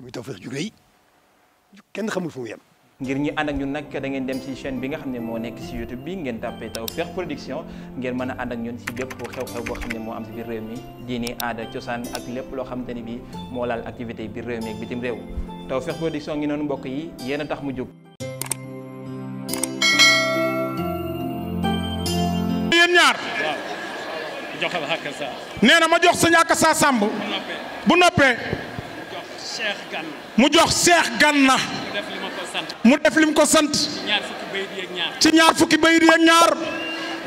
muy Tawfekh jugee yi kenn xamul fu mu ngir ñi ànd ak ñun nag da dem ci chaîne bi nga xam ne moo nekk ci YouTube bi ngeen tàppee Tawfekh Production ngeen mën a ànd ak ñun ci bépp xew-xew boo xam ne moo am ci biir réew mi diini aada cosaan ak lépp loo xamante ni bi moo laal activité biir réew mi ak bitim réew Tawfekh Production ngi noonu mbokk yi yéen a tax mu jóg. yéen ñaar. waaw ma jox sa ñàkk saa sàmb bu noppee. mu jox Cheikh Ganna mu def lim ko sant ci ñaar fukki bayit yi ak ñaar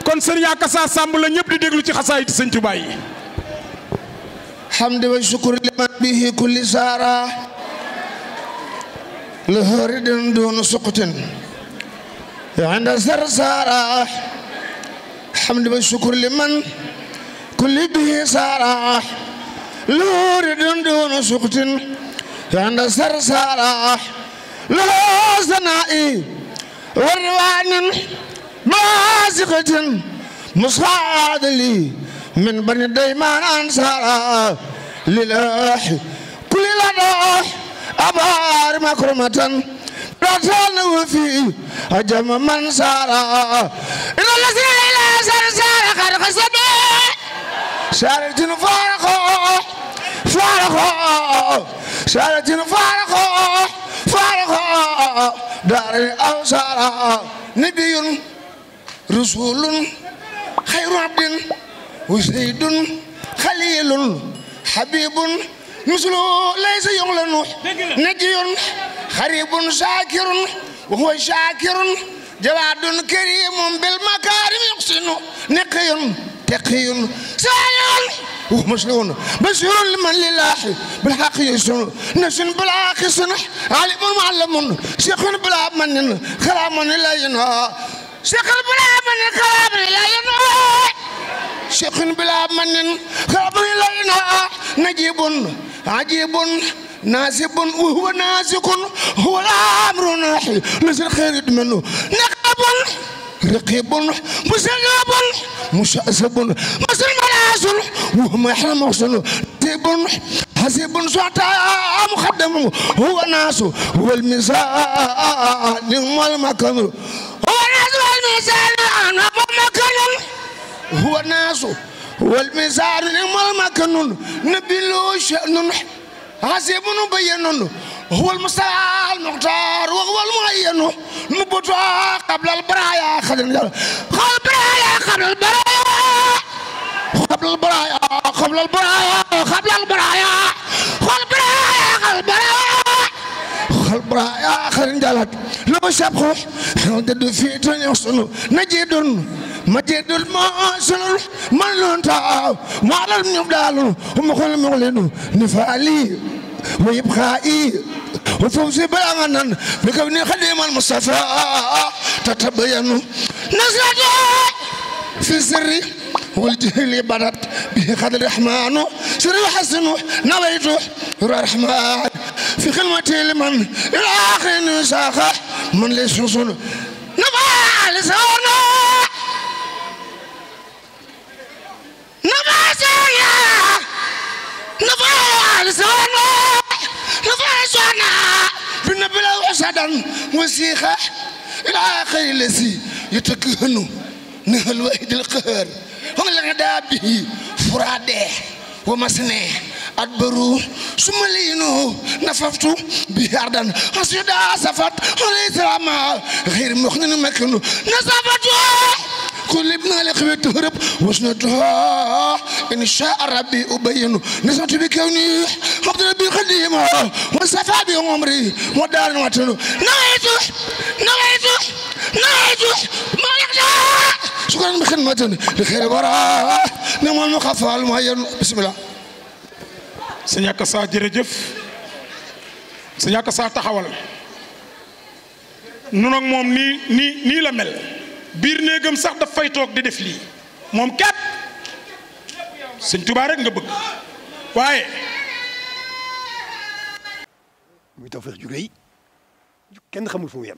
kon sëriñ Akassa Samb la ñëpp di déglu ci xasaayit sëñ Tuubaa yi hamdi wa shukru liman bihi kulli saara lu hëridin duunu suqutin inda sar saara hamdi wa shukru liman kulli bihi saara lu hëridin duunu suqutin عند سرسراح له زنائي وروان بازغة مصعد لي من بني ديمان أنصار للاح كل لداح أبار مكرمة رسول وفي أجم من سارا إن الذين إلى سرسار خرق سبع شارة فارا سالة فارقة فارقة دار أو سارة نبي رسول خير عبد وزيد خليل حبيب مثله ليس يغلى نوح نجي خريب شاكر وهو شاكر جواد كريم بالمكارم يحسن نقي تقي سعي ومشلون بشير لمن لله بالحق يسون نسن بلا خسن علي معلم شيخ بلا من خرام لا ينهى شيخ بلا من خرام لا ينهى شيخ بلا من خرام لا ينهى نجيب عجيب ناسب وهو ناسك هو الامر ناحي نزل خير منه نقب رقيب مسلب مشأسب مسلم العسل ومحنا محسن تيب حسيب سعتاء مخدم هو ناس هو الميزان والمكان هو ناس والميزان والمكان هو ناس والميزان والمكان نبي له شأن حسيب بين هو المستعى المختار وهو المعين نبوتا قبل البرايا خذ البرايا قبل البرايا قبل البرايا قبل البرايا قبل البرايا قبل البرايا قبل البرايا قبل البرايا خل نجلد لو شبخوح ندد في تنصل نجد مجد المواصل من لنتا معلى المبدال ومخل مغلد نفالي ويبخائي وفوزي بلغنا بكبني خديم المصطفى تتبين نزلتي في سري والجهل بدت به قد الرحمن سر الحسن نويت الرحمن في خلمتي لمن الآخر نساخة من ليس رسول نما لسانا نما سانا نما لسانا نما سانا بالنبي لو أسدا وسيخة الآخر الذي يتكهن نهل وحيد القهر hong lang daa bihi furaade wa masne adbaru suma liinu nafaftu bihi ardan asida safat alay salama غير مخنن مكن نصفت كل ابن لقوي تهرب وسنتها إن شاء ربي أبين نسمت بكوني عبد ربي قديم وسفى بعمري ودار وطن نويت نويت نويت شكرا بخدمة لخير براء نمو المخفى المهين بسم الله sëñ Akassa jërëjëf sëñ Akassa taxawal nun ak moom nii nii nii la mel biir néegam sax daf fay toog di def lii moom képp sëñ Tuubaa rek nga bëgg waaye. muy tawfeex ju rëy kenn xamul fu yem.